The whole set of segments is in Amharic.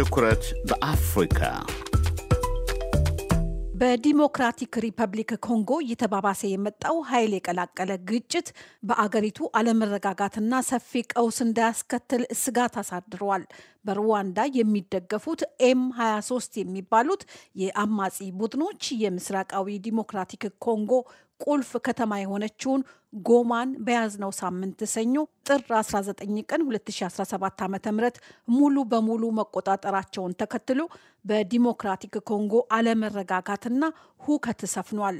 ትኩረት በአፍሪካ በዲሞክራቲክ ሪፐብሊክ ኮንጎ እየተባባሰ የመጣው ኃይል የቀላቀለ ግጭት በአገሪቱ አለመረጋጋትና ሰፊ ቀውስ እንዳያስከትል ስጋት አሳድረዋል። በሩዋንዳ የሚደገፉት ኤም 23 የሚባሉት የአማጺ ቡድኖች የምስራቃዊ ዲሞክራቲክ ኮንጎ ቁልፍ ከተማ የሆነችውን ጎማን በያዝነው ሳምንት ሰኞ ጥር 19 ቀን 2017 ዓ ም ሙሉ በሙሉ መቆጣጠራቸውን ተከትሎ በዲሞክራቲክ ኮንጎ አለመረጋጋትና ሁከት ሰፍኗል።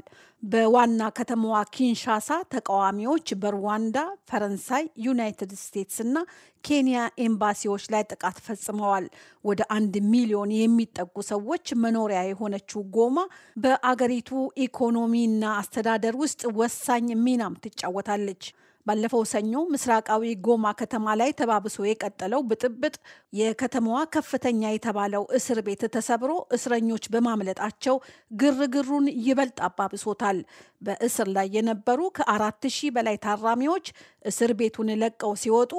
በዋና ከተማዋ ኪንሻሳ ተቃዋሚዎች በሩዋንዳ፣ ፈረንሳይ፣ ዩናይትድ ስቴትስ እና ኬንያ ኤምባሲዎች ላይ ጥቃት ፈጽመዋል። ወደ አንድ ሚሊዮን የሚጠጉ ሰዎች መኖሪያ የሆነችው ጎማ በአገሪቱ ኢኮኖሚና አስተዳደር ውስጥ ወሳኝ ሚናም ትጫ ትጫወታለች። ባለፈው ሰኞ ምስራቃዊ ጎማ ከተማ ላይ ተባብሶ የቀጠለው ብጥብጥ የከተማዋ ከፍተኛ የተባለው እስር ቤት ተሰብሮ እስረኞች በማምለጣቸው ግርግሩን ይበልጥ አባብሶታል። በእስር ላይ የነበሩ ከአራት ሺህ በላይ ታራሚዎች እስር ቤቱን ለቀው ሲወጡ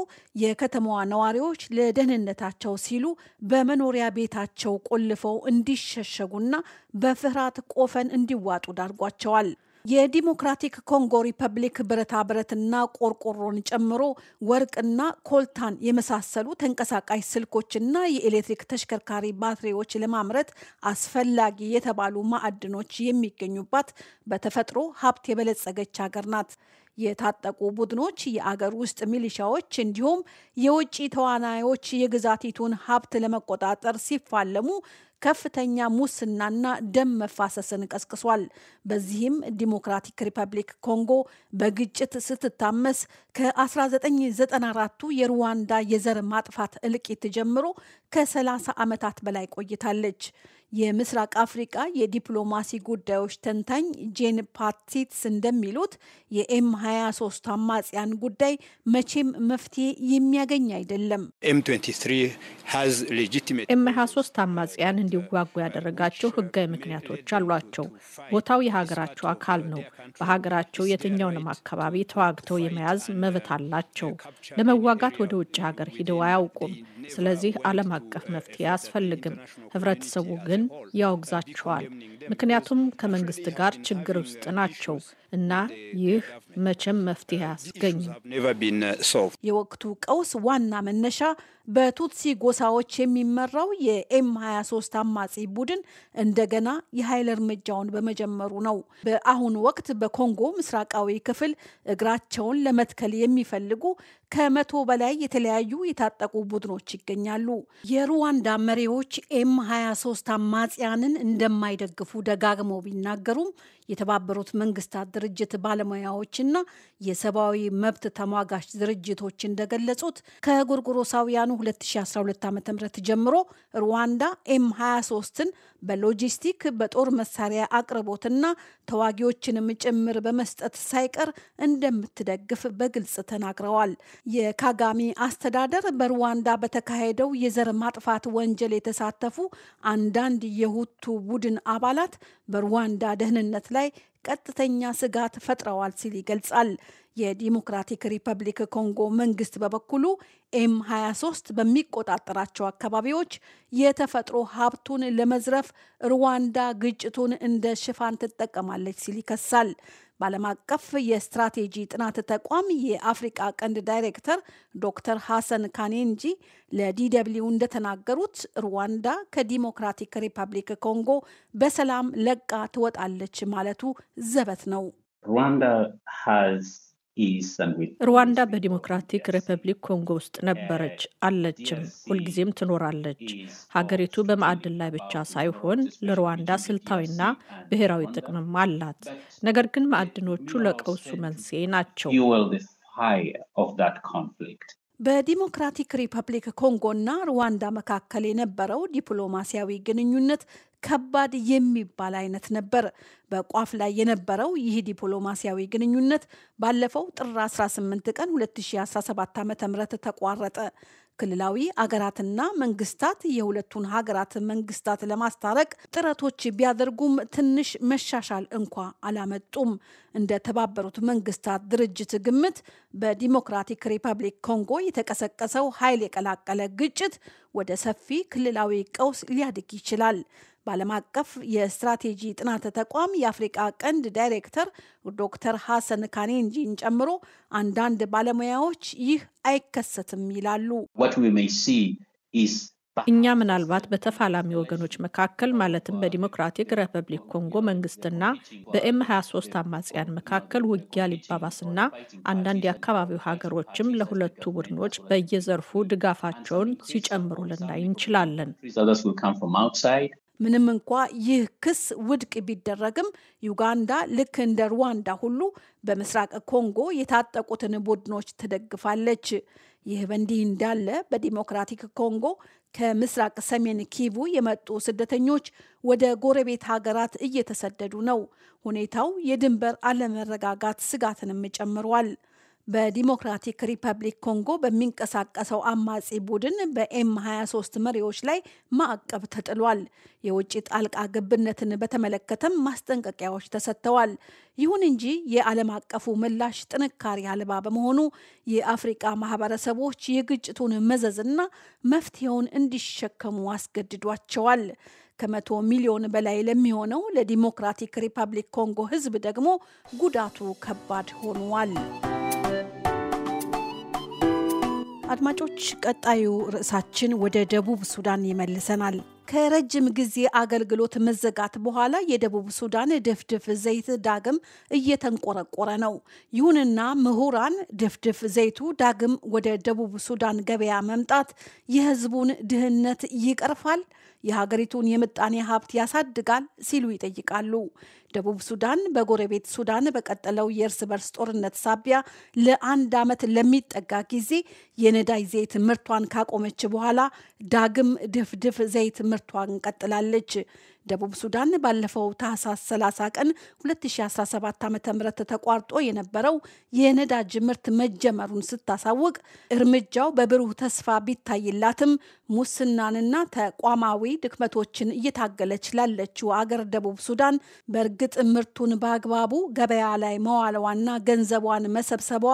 የከተማዋ ነዋሪዎች ለደህንነታቸው ሲሉ በመኖሪያ ቤታቸው ቆልፈው እንዲሸሸጉና በፍርሃት ቆፈን እንዲዋጡ ዳርጓቸዋል። የዲሞክራቲክ ኮንጎ ሪፐብሊክ ብረታ ብረትና ቆርቆሮን ጨምሮ ወርቅና ኮልታን የመሳሰሉ ተንቀሳቃሽ ስልኮችና የኤሌክትሪክ ተሽከርካሪ ባትሪዎች ለማምረት አስፈላጊ የተባሉ ማዕድኖች የሚገኙባት በተፈጥሮ ሀብት የበለጸገች ሀገር ናት። የታጠቁ ቡድኖች፣ የአገር ውስጥ ሚሊሻዎች እንዲሁም የውጭ ተዋናዮች የግዛቲቱን ሀብት ለመቆጣጠር ሲፋለሙ ከፍተኛ ሙስናና ደም መፋሰስን ቀስቅሷል። በዚህም ዲሞክራቲክ ሪፐብሊክ ኮንጎ በግጭት ስትታመስ ከ1994ቱ የሩዋንዳ የዘር ማጥፋት እልቂት ጀምሮ ከ30 ዓመታት በላይ ቆይታለች። የምስራቅ አፍሪቃ የዲፕሎማሲ ጉዳዮች ተንታኝ ጄን ፓቲትስ እንደሚሉት የኤም 23 አማጽያን ጉዳይ መቼም መፍትሄ የሚያገኝ አይደለም። ኤም 23 አማጽያን እንዲዋጉ ያደረጋቸው ህጋዊ ምክንያቶች አሏቸው። ቦታው የሀገራቸው አካል ነው። በሀገራቸው የትኛውንም አካባቢ ተዋግተው የመያዝ መብት አላቸው። ለመዋጋት ወደ ውጭ ሀገር ሂደው አያውቁም። ስለዚህ ዓለም አቀፍ መፍትሄ አያስፈልግም። ህብረተሰቡ ግን ያወግዛቸዋል። ምክንያቱም ከመንግስት ጋር ችግር ውስጥ ናቸው። እና ይህ መቼም መፍትሄ አያስገኝም። uh, የወቅቱ ቀውስ ዋና መነሻ በቱትሲ ጎሳዎች የሚመራው የኤም 23 አማጺ ቡድን እንደገና የኃይል እርምጃውን በመጀመሩ ነው። በአሁኑ ወቅት በኮንጎ ምስራቃዊ ክፍል እግራቸውን ለመትከል የሚፈልጉ ከመቶ በላይ የተለያዩ የታጠቁ ቡድኖች ይገኛሉ። የሩዋንዳ መሪዎች ኤም 23 አማጽያንን እንደማይደግፉ ደጋግመው ቢናገሩም የተባበሩት መንግስታት ድርጅት ባለሙያዎችና የሰብአዊ መብት ተሟጋች ድርጅቶች እንደገለጹት ከጎርጎሮሳውያኑ 2012 ዓ ም ጀምሮ ሩዋንዳ ኤም 23ን በሎጂስቲክ በጦር መሳሪያ አቅርቦትና ተዋጊዎችንም ጭምር በመስጠት ሳይቀር እንደምትደግፍ በግልጽ ተናግረዋል። የካጋሚ አስተዳደር በሩዋንዳ በተካሄደው የዘር ማጥፋት ወንጀል የተሳተፉ አንዳንድ የሁቱ ቡድን አባላት በሩዋንዳ ደህንነት ላይ ቀጥተኛ ስጋት ፈጥረዋል ሲል ይገልጻል። የዲሞክራቲክ ሪፐብሊክ ኮንጎ መንግስት በበኩሉ ኤም 23 በሚቆጣጠራቸው አካባቢዎች የተፈጥሮ ሀብቱን ለመዝረፍ ሩዋንዳ ግጭቱን እንደ ሽፋን ትጠቀማለች ሲል ይከሳል። በዓለም አቀፍ የስትራቴጂ ጥናት ተቋም የአፍሪቃ ቀንድ ዳይሬክተር ዶክተር ሐሰን ካኔንጂ ለዲደብሊው እንደተናገሩት ሩዋንዳ ከዲሞክራቲክ ሪፐብሊክ ኮንጎ በሰላም ለቃ ትወጣለች ማለቱ ዘበት ነው። ሩዋንዳ በዲሞክራቲክ ሪፐብሊክ ኮንጎ ውስጥ ነበረች፣ አለችም፣ ሁልጊዜም ትኖራለች። ሀገሪቱ በማዕድን ላይ ብቻ ሳይሆን ለሩዋንዳ ስልታዊና ብሔራዊ ጥቅምም አላት። ነገር ግን ማዕድኖቹ ለቀውሱ መንስኤ ናቸው። በዲሞክራቲክ ሪፐብሊክ ኮንጎና ሩዋንዳ መካከል የነበረው ዲፕሎማሲያዊ ግንኙነት ከባድ የሚባል አይነት ነበር። በቋፍ ላይ የነበረው ይህ ዲፕሎማሲያዊ ግንኙነት ባለፈው ጥር 18 ቀን 2017 ዓ ም ተቋረጠ። ክልላዊ አገራትና መንግስታት የሁለቱን ሀገራት መንግስታት ለማስታረቅ ጥረቶች ቢያደርጉም ትንሽ መሻሻል እንኳ አላመጡም። እንደ ተባበሩት መንግስታት ድርጅት ግምት በዲሞክራቲክ ሪፐብሊክ ኮንጎ የተቀሰቀሰው ኃይል የቀላቀለ ግጭት ወደ ሰፊ ክልላዊ ቀውስ ሊያድግ ይችላል። በዓለም አቀፍ የስትራቴጂ ጥናት ተቋም የአፍሪቃ ቀንድ ዳይሬክተር ዶክተር ሐሰን ካኔንጂን ጨምሮ አንዳንድ ባለሙያዎች ይህ አይከሰትም ይላሉ። እኛ ምናልባት በተፋላሚ ወገኖች መካከል ማለትም በዲሞክራቲክ ሪፐብሊክ ኮንጎ መንግስትና በኤም 23 አማጽያን መካከል ውጊያ ሊባባስና አንዳንድ የአካባቢው ሀገሮችም ለሁለቱ ቡድኖች በየዘርፉ ድጋፋቸውን ሲጨምሩ ልናይ እንችላለን። ምንም እንኳ ይህ ክስ ውድቅ ቢደረግም ዩጋንዳ ልክ እንደ ሩዋንዳ ሁሉ በምስራቅ ኮንጎ የታጠቁትን ቡድኖች ትደግፋለች። ይህ በእንዲህ እንዳለ በዲሞክራቲክ ኮንጎ ከምስራቅ ሰሜን ኪቡ የመጡ ስደተኞች ወደ ጎረቤት ሀገራት እየተሰደዱ ነው። ሁኔታው የድንበር አለመረጋጋት ስጋትንም ጨምሯል። በዲሞክራቲክ ሪፐብሊክ ኮንጎ በሚንቀሳቀሰው አማጺ ቡድን በኤም 23 መሪዎች ላይ ማዕቀብ ተጥሏል። የውጭ ጣልቃ ግብነትን በተመለከተም ማስጠንቀቂያዎች ተሰጥተዋል። ይሁን እንጂ የዓለም አቀፉ ምላሽ ጥንካሬ አልባ በመሆኑ የአፍሪቃ ማህበረሰቦች የግጭቱን መዘዝና መፍትሄውን እንዲሸከሙ አስገድዷቸዋል። ከመቶ ሚሊዮን በላይ ለሚሆነው ለዲሞክራቲክ ሪፐብሊክ ኮንጎ ሕዝብ ደግሞ ጉዳቱ ከባድ ሆኗል። አድማጮች ቀጣዩ ርዕሳችን ወደ ደቡብ ሱዳን ይመልሰናል። ከረጅም ጊዜ አገልግሎት መዘጋት በኋላ የደቡብ ሱዳን ድፍድፍ ዘይት ዳግም እየተንቆረቆረ ነው። ይሁንና ምሁራን ድፍድፍ ዘይቱ ዳግም ወደ ደቡብ ሱዳን ገበያ መምጣት የሕዝቡን ድህነት ይቀርፋል የሀገሪቱን የምጣኔ ሀብት ያሳድጋል ሲሉ ይጠይቃሉ። ደቡብ ሱዳን በጎረቤት ሱዳን በቀጠለው የእርስ በርስ ጦርነት ሳቢያ ለአንድ ዓመት ለሚጠጋ ጊዜ የነዳጅ ዘይት ምርቷን ካቆመች በኋላ ዳግም ድፍድፍ ዘይት ምርቷን ቀጥላለች። ደቡብ ሱዳን ባለፈው ታህሳስ 30 ቀን 2017 ዓ ም ተቋርጦ የነበረው የነዳጅ ምርት መጀመሩን ስታሳውቅ እርምጃው በብሩህ ተስፋ ቢታይላትም ሙስናንና ተቋማዊ ድክመቶችን እየታገለች ላለችው አገር ደቡብ ሱዳን በእርግጥ ምርቱን በአግባቡ ገበያ ላይ መዋለዋና ገንዘቧን መሰብሰቧ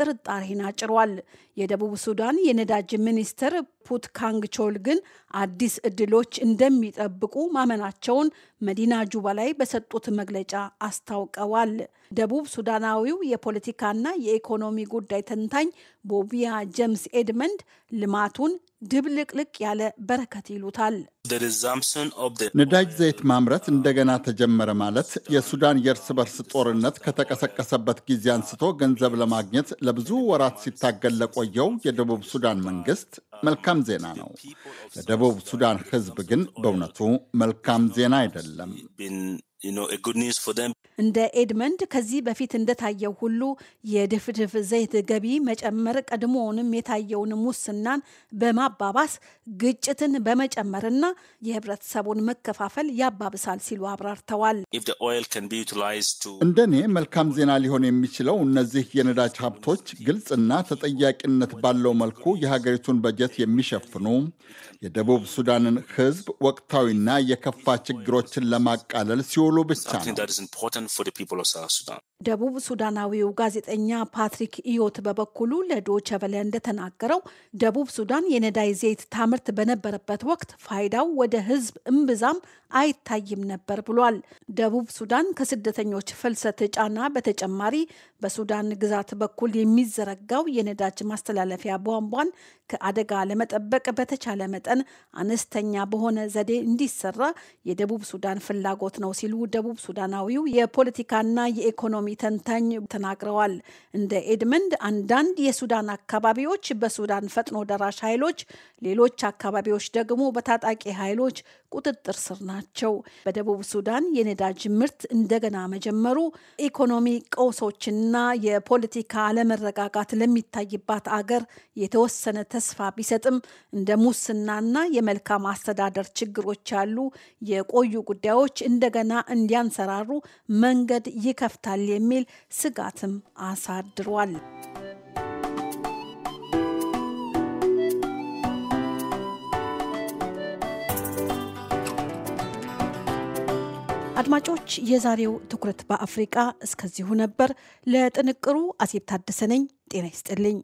ጥርጣሬን አጭሯል። የደቡብ ሱዳን የነዳጅ ሚኒስትር ፑት ካንግ ቾል ግን አዲስ እድሎች እንደሚጠብቁ ማመናቸውን መዲና ጁባ ላይ በሰጡት መግለጫ አስታውቀዋል። ደቡብ ሱዳናዊው የፖለቲካና የኢኮኖሚ ጉዳይ ተንታኝ ቦቢያ ጀምስ ኤድመንድ ልማቱን ድብልቅልቅ ያለ በረከት ይሉታል። ነዳጅ ዘይት ማምረት እንደገና ተጀመረ ማለት የሱዳን የእርስ በርስ ጦርነት ከተቀሰቀሰበት ጊዜ አንስቶ ገንዘብ ለማግኘት ለብዙ ወራት ሲታገል ለቆየው የደቡብ ሱዳን መንግስት መልካም ዜና ነው። ለደቡብ ሱዳን ሕዝብ ግን በእውነቱ መልካም ዜና አይደለም። እንደ ኤድመንድ ከዚህ በፊት እንደታየው ሁሉ የድፍድፍ ዘይት ገቢ መጨመር ቀድሞውንም የታየውን ሙስናን በማባባስ ግጭትን በመጨመርና የህብረተሰቡን መከፋፈል ያባብሳል ሲሉ አብራርተዋል። እንደኔ መልካም ዜና ሊሆን የሚችለው እነዚህ የነዳጅ ሀብቶች ግልጽና ተጠያቂነት ባለው መልኩ የሀገሪቱን በጀት በጀት የሚሸፍኑ የደቡብ ሱዳንን ህዝብ ወቅታዊና የከፋ ችግሮችን ለማቃለል ሲውሉ ብቻ ነው። ደቡብ ሱዳናዊው ጋዜጠኛ ፓትሪክ ኢዮት በበኩሉ ለዶቸበለ እንደተናገረው ደቡብ ሱዳን የነዳይ ዘይት ታምርት በነበረበት ወቅት ፋይዳው ወደ ህዝብ እምብዛም አይታይም ነበር ብሏል። ደቡብ ሱዳን ከስደተኞች ፍልሰት ጫና በተጨማሪ በሱዳን ግዛት በኩል የሚዘረጋው የነዳጅ ማስተላለፊያ ቧንቧን ከአደጋ ለመጠበቅ በተቻለ መጠን አነስተኛ በሆነ ዘዴ እንዲሰራ የደቡብ ሱዳን ፍላጎት ነው ሲሉ ደቡብ ሱዳናዊው የፖለቲካና የኢኮኖሚ ተንታኝ ተናግረዋል። እንደ ኤድመንድ አንዳንድ የሱዳን አካባቢዎች በሱዳን ፈጥኖ ደራሽ ኃይሎች፣ ሌሎች አካባቢዎች ደግሞ በታጣቂ ኃይሎች ቁጥጥር ስር ናቸው። በደቡብ ሱዳን የነዳጅ ምርት እንደገና መጀመሩ ኢኮኖሚ ቀውሶችና የፖለቲካ አለመረጋጋት ለሚታይባት አገር የተወሰነ ተስፋ ቢሰጥም እንደ ሙስናና የመልካም አስተዳደር ችግሮች ያሉ የቆዩ ጉዳዮች እንደገና እንዲያንሰራሩ መንገድ ይከፍታል የሚል ስጋትም አሳድሯል። አድማጮች፣ የዛሬው ትኩረት በአፍሪቃ እስከዚሁ ነበር። ለጥንቅሩ አሴብ ታደሰ ነኝ። ጤና ይስጥልኝ።